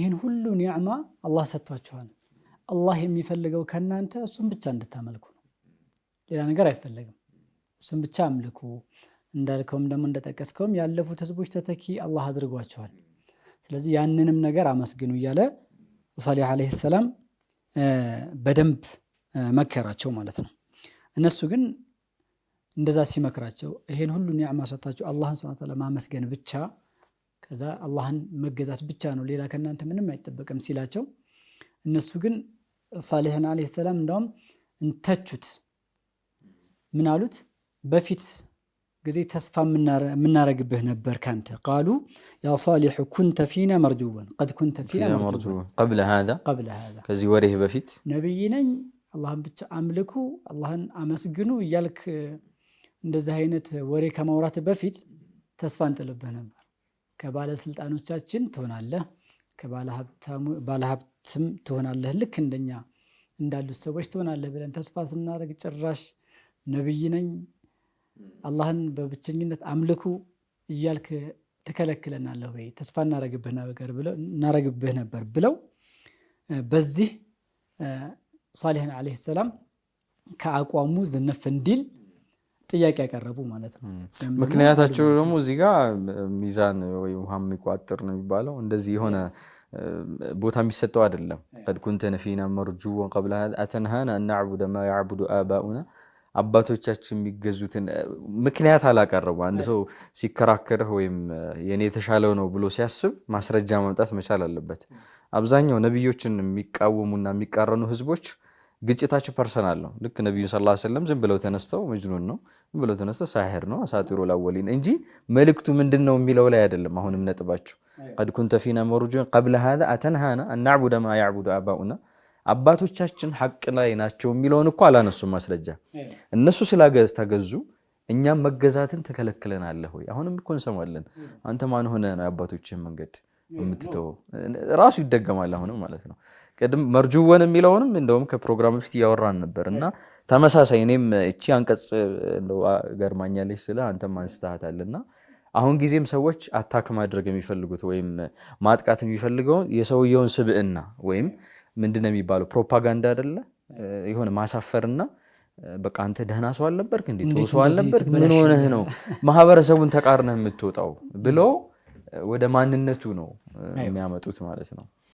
ይህን ሁሉ ኒዕማ አላህ ሰጥቷችኋል። አላህ የሚፈልገው ከእናንተ እሱን ብቻ እንድታመልኩ ነው። ሌላ ነገር አይፈለግም። እሱን ብቻ አምልኩ። እንዳልከውም ደግሞ እንደጠቀስከውም ያለፉት ህዝቦች ተተኪ አላህ አድርጓቸዋል። ስለዚህ ያንንም ነገር አመስግኑ እያለ ሷሊህ ዓለይሂ ሰላም በደንብ መከራቸው ማለት ነው። እነሱ ግን እንደዛ ሲመክራቸው ይሄን ሁሉ ኒዕማ ሰጥታችሁ አላህን ሱብሓነሁ ወተዓላ ማመስገን ብቻ ከዛ አላህን መገዛት ብቻ ነው ሌላ ከእናንተ ምንም አይጠበቅም ሲላቸው እነሱ ግን ሳሌሕን ዓለይሂ ሰላም እንዳውም እንተቹት። ምን አሉት? በፊት ጊዜ ተስፋ የምናረግብህ ነበር ካንተ። ቃሉ ያ ሳሊሑ ኩንተ ፊና መርጁወን ቀድ ኩንተ ፊና መርጁወን ቀብለ ሃዛ ከዚህ ወሬህ በፊት ነቢይ ነኝ፣ አላህን ብቻ አምልኩ፣ አላህን አመስግኑ እያልክ እንደዚህ አይነት ወሬ ከማውራት በፊት ተስፋ እንጥልብህ ነበር ከባለስልጣኖቻችን ትሆናለህ ከባለሀብትም ትሆናለህ ልክ እንደኛ እንዳሉት ሰዎች ትሆናለህ ብለን ተስፋ ስናደርግ ጭራሽ ነብይ ነኝ አላህን በብቸኝነት አምልኩ እያልክ ትከለክለናለህ ወይ ተስፋ እናረግብህ ነበር ብለው በዚህ ሷሊህን ዓለይሂ ሰላም ከአቋሙ ዝነፍ እንዲል ጥያቄ ያቀረቡ ማለት ነው። ምክንያታቸው ደግሞ እዚህ ጋ ሚዛን ወይ ውሃ የሚቋጥር ነው የሚባለው። እንደዚህ የሆነ ቦታ የሚሰጠው አይደለም። ቀድ ኩንተ ነፊና መርጁወን ቀብለ አተንሃና እናዕቡደ ማ ያዕቡዱ አባኡና አባቶቻችን የሚገዙትን ምክንያት አላቀረቡ። አንድ ሰው ሲከራከርህ ወይም የኔ የተሻለው ነው ብሎ ሲያስብ ማስረጃ ማምጣት መቻል አለበት። አብዛኛው ነቢዮችን የሚቃወሙና የሚቃረኑ ህዝቦች ግጭታቸው ፐርሰናል ነው። ልክ ነቢዩ ሰለላሁ ዐለይሂ ወሰለም ዝም ብለው ተነስተው መጅኑን ነው ዝም ብለው ተነስተው ሳሄር ነው አሳጢሮ ላወሊን እንጂ መልእክቱ ምንድን ነው የሚለው ላይ አይደለም። አሁንም ነጥባቸው ቀድ ኩንተ ፊና መሩጅን ቀብለ ሀዛ አተንሃና አናዕቡደ ማ ያዕቡዱ አባኡና አባቶቻችን ሐቅ ላይ ናቸው የሚለውን እኮ አላነሱም። ማስረጃ እነሱ ስላተገዙ እኛም መገዛትን ተከለክለናል ወይ? አሁንም እኮ እንሰማለን። አንተ ማን ሆነ ነው የአባቶችህን መንገድ የምትተወው ራሱ ይደገማል አሁንም ማለት ነው። ቅድም መርጅወን የሚለውንም እንደውም ከፕሮግራም በፊት እያወራን ነበር እና ተመሳሳይ እኔም እቺ አንቀጽ ገርማኛለች ስለ አንተም አንስተሃታል እና አሁን ጊዜም ሰዎች አታክ ማድረግ የሚፈልጉት ወይም ማጥቃት የሚፈልገውን የሰውየውን ስብዕና ወይም ምንድን ነው የሚባለው ፕሮፓጋንዳ አይደለ የሆነ ማሳፈርና በቃ አንተ ደህና ሰው አልነበርክ እንዴ? ጥሩ ሰው አልነበርክ? ምን ሆነህ ነው ማህበረሰቡን ተቃርነህ የምትወጣው ብለው ወደ ማንነቱ ነው የሚያመጡት ማለት ነው።